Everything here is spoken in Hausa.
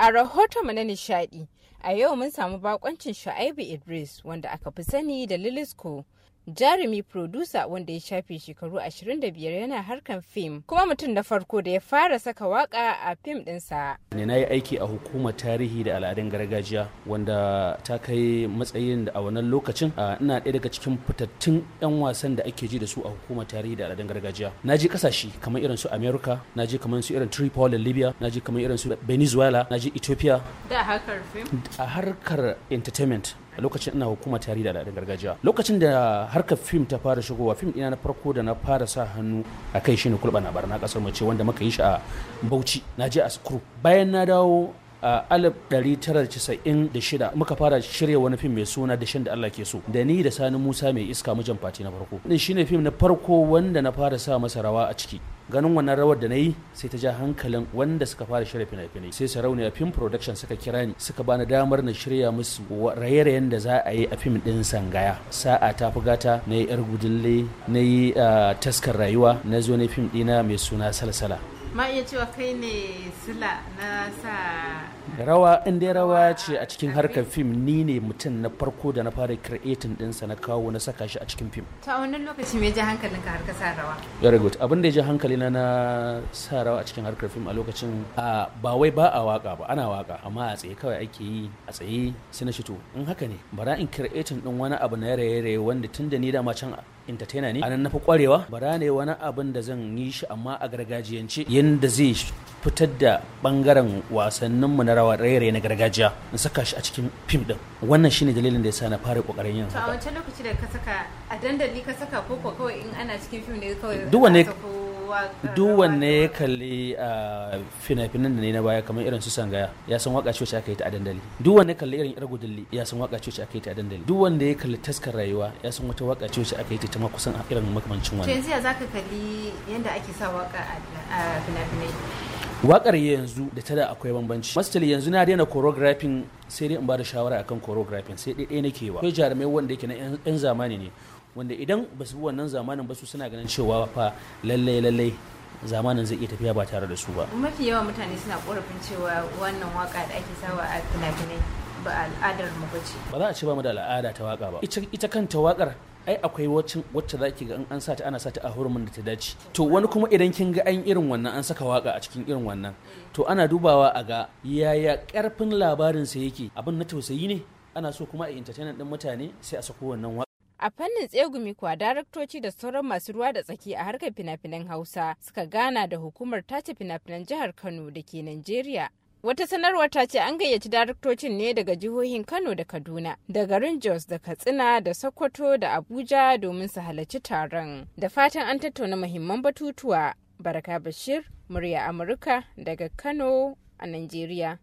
A rahoton na nishadi, a yau mun samu bakoncin Shu'aibu Idris wanda aka fi sani da Lilisko jarumi producer wanda ya shafe shekaru 25 yana harkan fim kuma mutum na farko da ya fara saka waka a fim dinsa ne na yi aiki a hukumar tarihi da al'adun gargajiya wanda ta kai matsayin da a wannan lokacin ina ɗaya daga cikin fitattun 'yan wasan da ake ji da su a hukumar tarihi da al'adun gargajiya na je kasashe kamar irin su america na je kamar su irin tripoli libya na je kamar irin su venezuela na je ethiopia da harkar fim a harkar entertainment a lokacin ina hukuma tarihi da al'adun gargajiya lokacin da harkar fim ta fara shigowa fim ina na farko da na fara sa hannu a kai shine kulɓa na barna kasar mace wanda muka yi shi a bauchi na je a sukuru bayan na dawo A da shida muka fara shirya wani fim mai suna shan da Allah ke so da ni da Sani Musa mai iska mujan fati na farko din shine fim na farko wanda na fara sa masa rawa a ciki ganin wannan rawar da na yi sai ta ja hankalin wanda suka fara shirya fina-finai sai sarauniya fim production suka kira ni suka bani damar na shirya musu raye-rayen da za a yi a fim din sangaya sa'a ta fi gata na yi yar gudunle na yi ah, taskar rayuwa na zo na fim dina mai suna salsala ma iya cewa kai ne sila na sa rawa in dai rawa ce a cikin harkar fim ni ne mutum na farko da na fara creating dinsa na kawo na saka shi a cikin fim ta wannan lokaci me ji hankalin ka harkar sa rawa very good abin da ya ji hankali na na sa rawa a cikin harkar fim a lokacin a ba wai ba a waka ba ana waka amma a tsaye kawai ake yi a tsaye sai na shito in haka ne bara in creating din wani abu na raye-raye wanda tun da ni dama can entertainer ne anan nafi kwarewa bara ne wani abin da zan yi shi amma a gargajiyance yadda zai fitar da bangaren wasannin mu na rawa raye na gargajiya in saka shi a cikin fim din wannan shine dalilin da yasa na fara kokarin yin haka to a wancan lokaci da ka saka a dandali ka saka ko kawai in ana cikin fim ne kawai duk wanne duk wanne ya kalli ah, fina-finan da ne na baya kamar irin su sangaya ya san waka ce aka yi ta a dandali duk wanne ya kalli irin yar gudulli ya san waka ce aka yi ta a dandali duk wanne ya kalli taskar rayuwa ya san wata waka ce aka yi ta ma kusan irin makamancin wani. yanzu ya kalli ake sa waka a fina-finai wakar yanzu da ta da akwai bambanci mastali yanzu na daina choreographing sai dai in ba da shawara akan choreographing sai dai ɗaya nake wa akwai jarumai wanda yake na 'yan zamani ne wanda idan ba su bi wannan zamanin ba su suna ganin cewa fa lallai lallai zamanin zai iya tafiya ba tare da su ba mafi yawan mutane suna korafin cewa wannan waka da ake sawa a fina-finai ba al'adar mu ba ce ba za a ce ba mu da al'ada ta waka ba ita kanta wakar ai akwai wacce za ki ga in an sata ana sata a hurumin da ta dace to wani kuma idan kin ga an irin wannan an saka waka a cikin irin wannan to ana dubawa a ga yaya karfin labarin sa yake abin na tausayi ne ana so kuma a entertainment din mutane sai a sako wannan A fannin tsegumi kuwa daraktoci da sauran masu ruwa da tsaki a harkar fina-finan Hausa suka gana da hukumar tace fina-finan jihar Kano da ke nigeria Wata sanarwa ta ce an gayyaci daraktocin ne daga jihohin Kano da Kaduna, da garin Jos da Katsina da Sokoto da Abuja domin su halarci taron. Da fatan an tattauna muhimman batutuwa. Baraka Bashir, murya Amurka daga Kano a nigeria.